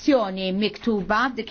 votazzjoni miktuba dik